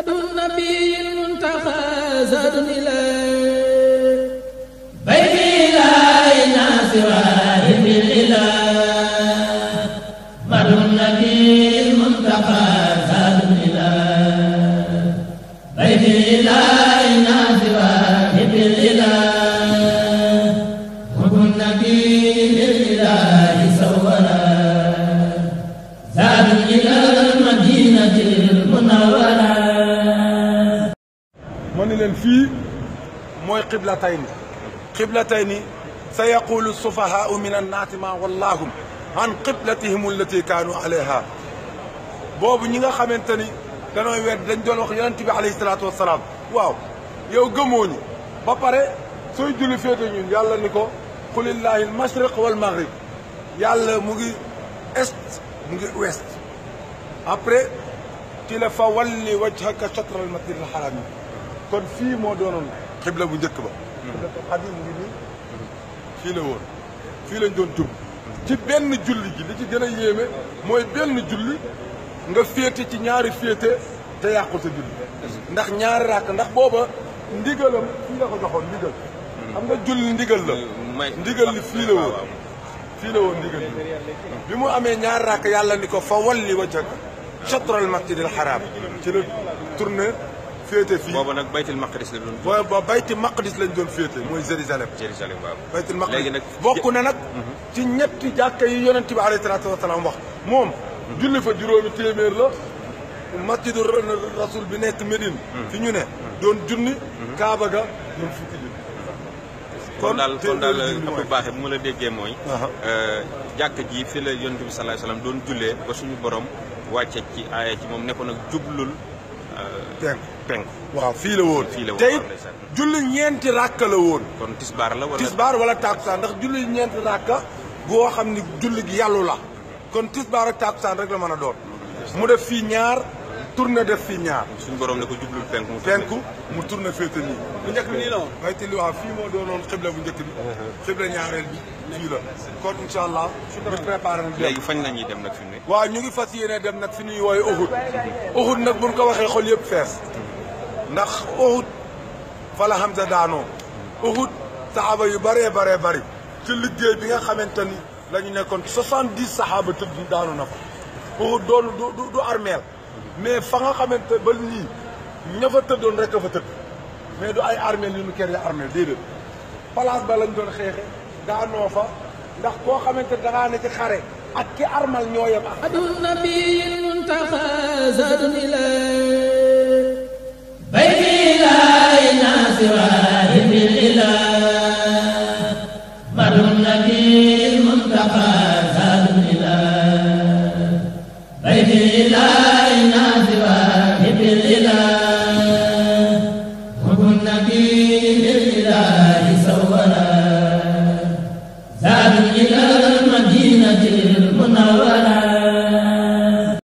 قد النبي المنتخى زاد إليه بيتي لا إنا سواه بالإله مر النبي المنتخى زاد إليه بيتي لا إنا سواه بالإله حب النبي للإله سولا زاد إلى المدينة في موي قبلتين قبلتين سيقول السفهاء من الناس ما والله عن قبلتهم التي كانوا عليها بوب نيغا خامتاني دا نوي ود دنجول وخ يونتي بي عليه الصلاه والسلام واو يو گموني با باري سوي جولي فيتو نين يالا نيكو قل لله المشرق والمغرب يالا موغي است موغي ويست ابري تلفا le وجهك شطر wajhaka shatr كون في مو دونون قبلة بو njëkk ba. xadim ngi nii. fii la woon fii lañ doon jublu. ci benn julli ji li ci gën a yéeme mooy benn nga fété ci ñaari fété te yàqul sa julli. ndax ñaar rak ndax boba ndigalam fi la ko joxoon ndigal. xam nga julli ndigal la. ndigal li fi la won fi la won ndigal bi mu amé ñaar rak yàlla ni ko fa walli wajhaka shatral masjidil haram ci le tourner féete fii boobu nag baytul maqdis lañ doon. boobu baytul maqdis lañ doon féete mooy Jérusalem. Jérusalem waaw baytul maqdis léegi nag. bokk na nag. ci ñetti jàkka yi yonent bi alayhi salaatu wa salaam wax moom. julli fa juróomi téeméer la. masjidu rasul bi nekk Médine. fi ñu ne doon junni. Kaaba ga doon fukki junni. kon daal kon daal bu baaxee bu ma la déggee mooy. jàkka ji fi la yonent bi salaay salaam doon jullee ba suñu borom wàcce ci aaya ci moom ne ko nag jublul. penku penku waaw fii la woon fii la woon te it julli ñeenti ràkka la woon kon tisbaar la wala tisbaar wala tàkkusaan ndax julli ñeenti ràkka goo xam ni julli gi yàllu la kon tisbaar ak tàkkusaan rek la mën a doon mu def fii ñaar tourné def fii ñaar. suñu borom ne ko jublu penku. mu tourné féete nii. bu njëkk bi nii la woon. baykat yi waaw fii moo doonoon xibla bu njëkk bi. Uh-huh. xibla ñaareel bi fii la. kon incha allah. ñu préparé nañu dem léegi fañ ñuy dem nag fi mu ne. waaw ñu ngi fas yéene dem nag fi ñuy woowee Uhud. nag buñ ko waxee xol yëpp fees. ndax Uhud fa la Hamza daanoo. Uhud saxaaba yu bëree bëree bari ci liggéey bi nga xamante ni la nekkoon soixante dix saxaaba tëdd daanu na fa. Uhud doon du du armeel mais fa nga xamante ba nii ña fa tëddoon rek fa tëdd mais du ay armeel yu ñu kër ya armeel déedéet place ba lañ doon xeexe daanoo fa ndax koo xamante dangaa ci xare ak ki armal ñoo yem ak adun nabiyin taxasarun ila bayti laay naasi waaye bi ila madun nabiyin taxasarun ila bayti laay